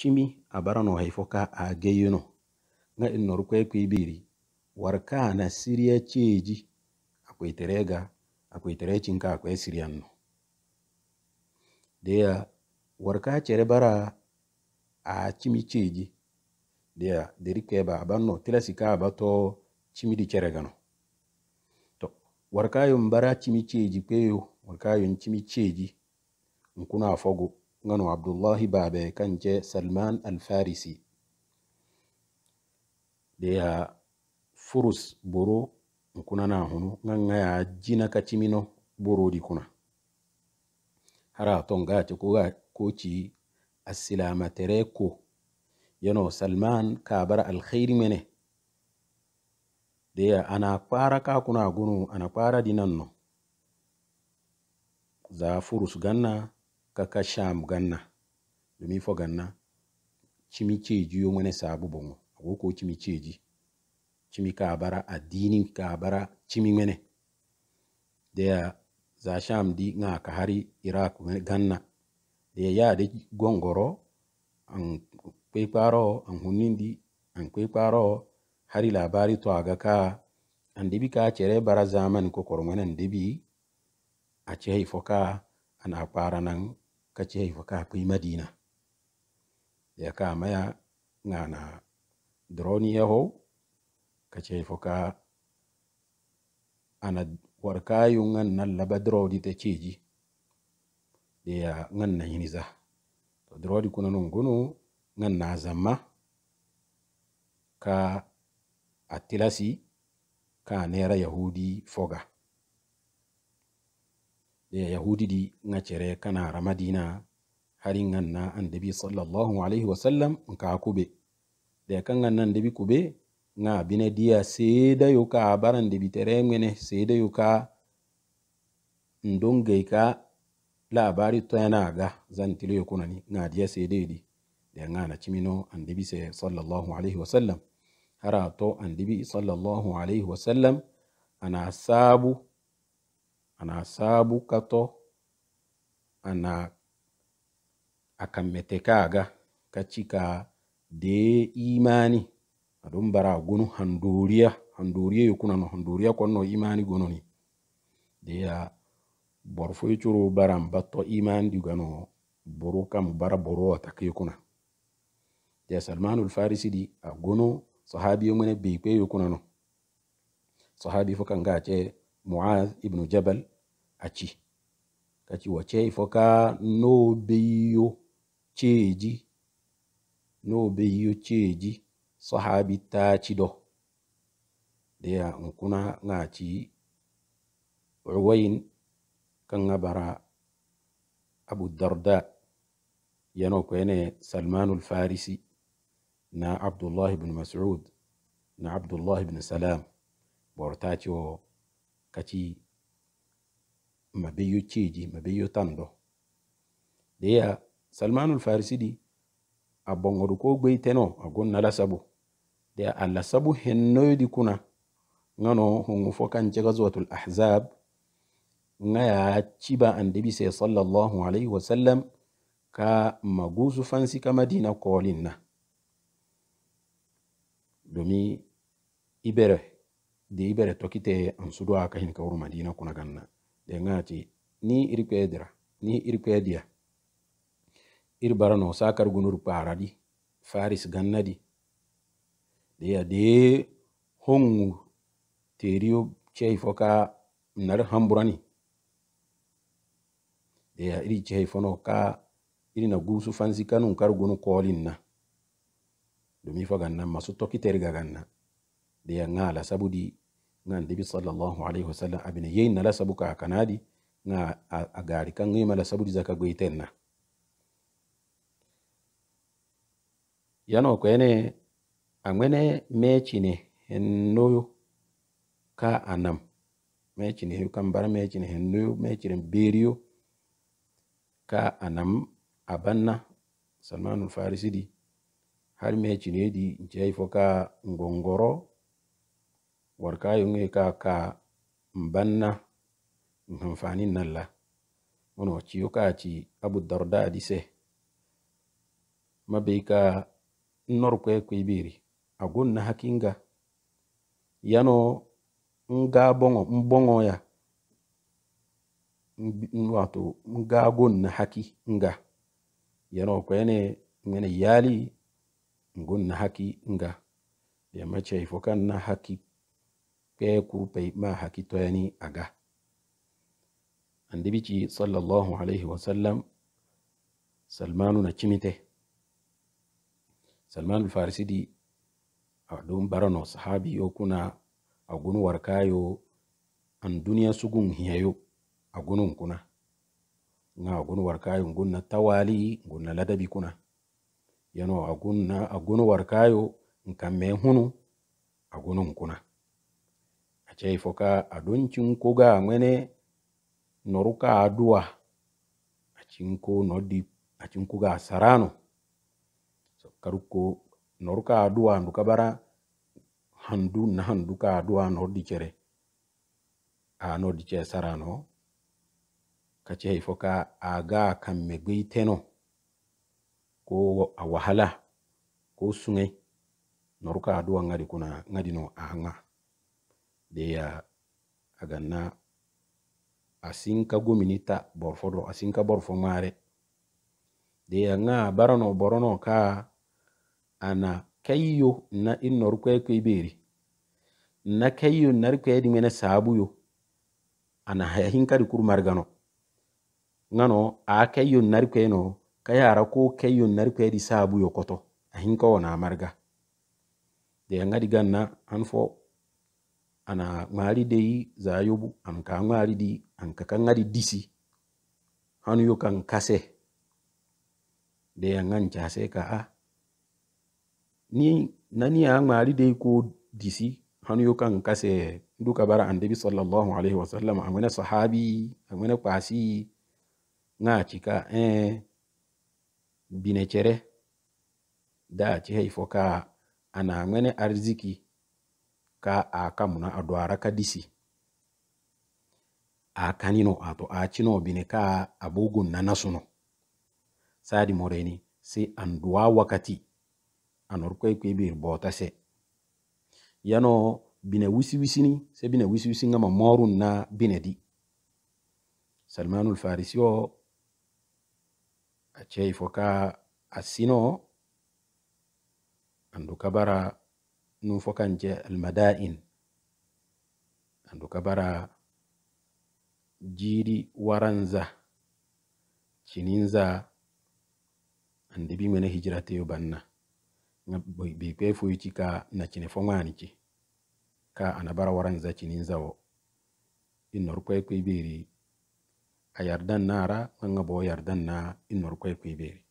no chimi abarano haifoka ageyeno nga inor warka warkana siriya cheji akwiterega akwiterechinka akwe siriyanno deya warka chere bara a chimi cheji deya deri keba sika tilasika abato chimi di cheregano to warkayon bara chimi cheji warka warkayon chimi cheji nkuna afogo ngano abdullahi babe kanje salman alfarisi deya furus boro nkunana hunu nganga ya jina kacimino borodi kuna hara ton gate ko ci asilamatere ko yano salman kabar alkhairi mene deya ana kpara kakuna gunu ana kpara dinanno za furus ganna kaka sham ganna domi fo ganna cimi ceji yo ŋwene sabu boŋo ago ko cimi ceji cimi ka bara addini ka bara cimi mene deya za sham di nga ka hari iraq ganna ya de gongoro an kwekparo an hunindi an kwekparo hari labari to aga ka an dibi ka cere bara zamani ko ŋwene an a acehei fo ana ana nan. kacehi fo ka pui madina ya ka maya ngana droni yaho kacehi fo ka ana warka yu nan laba drodi ta ceji ya ngan na za to droni kuna non gunu ngan na zamma ka atilasi ka nera yahudi foga yahudi di ŋa cere kana ramadina hari ŋan na annabi sallallahu alaihi wasallam nka kube ya kan ŋan na annabi kube nga bine diya seda yo ka baran debi tere ŋmene seda yo ka ka labari yana ga zantilo yo kunani nga diya seda yo da de ŋa na cimino annabi se sallallahu alaihi wasallam hara to sallallahu alaihi wasallam ana sabu Ana anasaabu kato ana akammete kaaga kaci ka dee imani aɗon bara gonu handoriya handoriya yokunano handoriya no imani gononi deya bor fo coro baran batto imani digano boro kam bara borowa taka yokuna deya salmanul farisi ɗi a gono sahabiyo mune beype yokunano sahabi fo kanga معاذ ابن جبل أتي كاتي وشي فكا نو بيو تشيجي نو بيو تشيجي صحابي تاتي دو ديا نكونا ناتي عوين كان برا أبو الدرداء ينوكو سلمان الفارسي نا عبد الله بن مسعود نا عبد الله بن سلام بورتاتيو kati mabe yo ceji tando deya salmanul farisi ɗi a ko gbey teno a gonna lasabu deya a lasabu hennoyoɗi kuna ngano hungu fo kan cega zuwatul ahzab ngaya ciba andebi se sallallahu alayhi wasallam ka maguzu fansi ka madina kolin na domi ibere de ibere tokite hin ka kawru madina kuna ganna de ngati ni irpedra ni irpedia ir barano sakar gunur paradi faris gannadi de ya de hongu teriyo chei foka nar hamburani de ya iri chei fono ka iri na gusu fanzi kanu kar gunu kolinna de domi fo ganna masu tokite ga ganna de ya ngala sabudi nga ndibi sallallahu alaihi wasallam abine yeyi nala sabu ka kanadi nga agari kan ngima la sabu zaka goitenna yano kwene amwene ne hennoyo ka anam mechine ne kan bar mechine hennoyo ne beriyo ka anam abanna salmanul farisi di har ne di njei ka ngongoro war ka ayo ŋwee ka ka mbanna nhamfani ci wono ka ci abu darda ma mabei ka nnor kwe kwibiri agonna hakinga yano nga bongo mbongo ya wato nga na haki nga yano kwene ngene yali na haki nga yamma cei fo kan na haki ke kurpe ma hakitoyani aga andibici sallallahu alaihi wa sallam salmanu na cimite salmanu di a don barano sahabi yo kuna a gunuwar Kayo, an duniya su gun hiyayo a gunun kuna na a gunuwar warkayo gunna tawali gunna ladabi kuna yano a gunna a gunu nkan me hunu a gunun kuna acai foka adoncin koga ngwene noruka adua acinko nodi acinkuga sarano so karuko noruka adua nduka bara handu na handu ka adua nodi chere a nodi ce sarano kace foka aga kamme gbeiteno ko a ko sungei noruka adua ngadi kuna ngadi no anga deya aganna asinka gominita borfodo asinka borfo mare ya nga barano borono ka ana kayyo na kwe kwe beri na kayyo nar kwedi mena yo ana di kur margano ngano a kayyo nar kweno kayara ko kayyo nar sabu yo koto ahinka wana marga deya ngadi ganna an fo ana ŋmaari yi za yobu ka ŋmaari di an ka ŋari disi hanu yo kan kase de aŋan case ka a ni nani a ŋmaari yi ko disi hanu yo kan kase duka bara annabi sallallahu alaihi wasallam aŋwene sahabi aŋwene kpasi ŋa cika eh, bine binecere da cihei fo ka ana ŋwene arziki ka a kamuna a dwara ka disi a ato a cino bine ka a bugun na nasuno sadi moreni se an duwa wakati anor kwe kwe bir bota se yano bine wisi ni se bine wisi wisini ngama morun na bine di salmanul farisi o a cei fo ka a sino andu kabara nu fo kanje almada'in andu ka bara waranza cininza ande bi ŋmene yo banna ŋa be kpe foyi ci ka na cine fo ka anabara bara waranza cininza wo i nor kwe kwe yardan bo yardan na i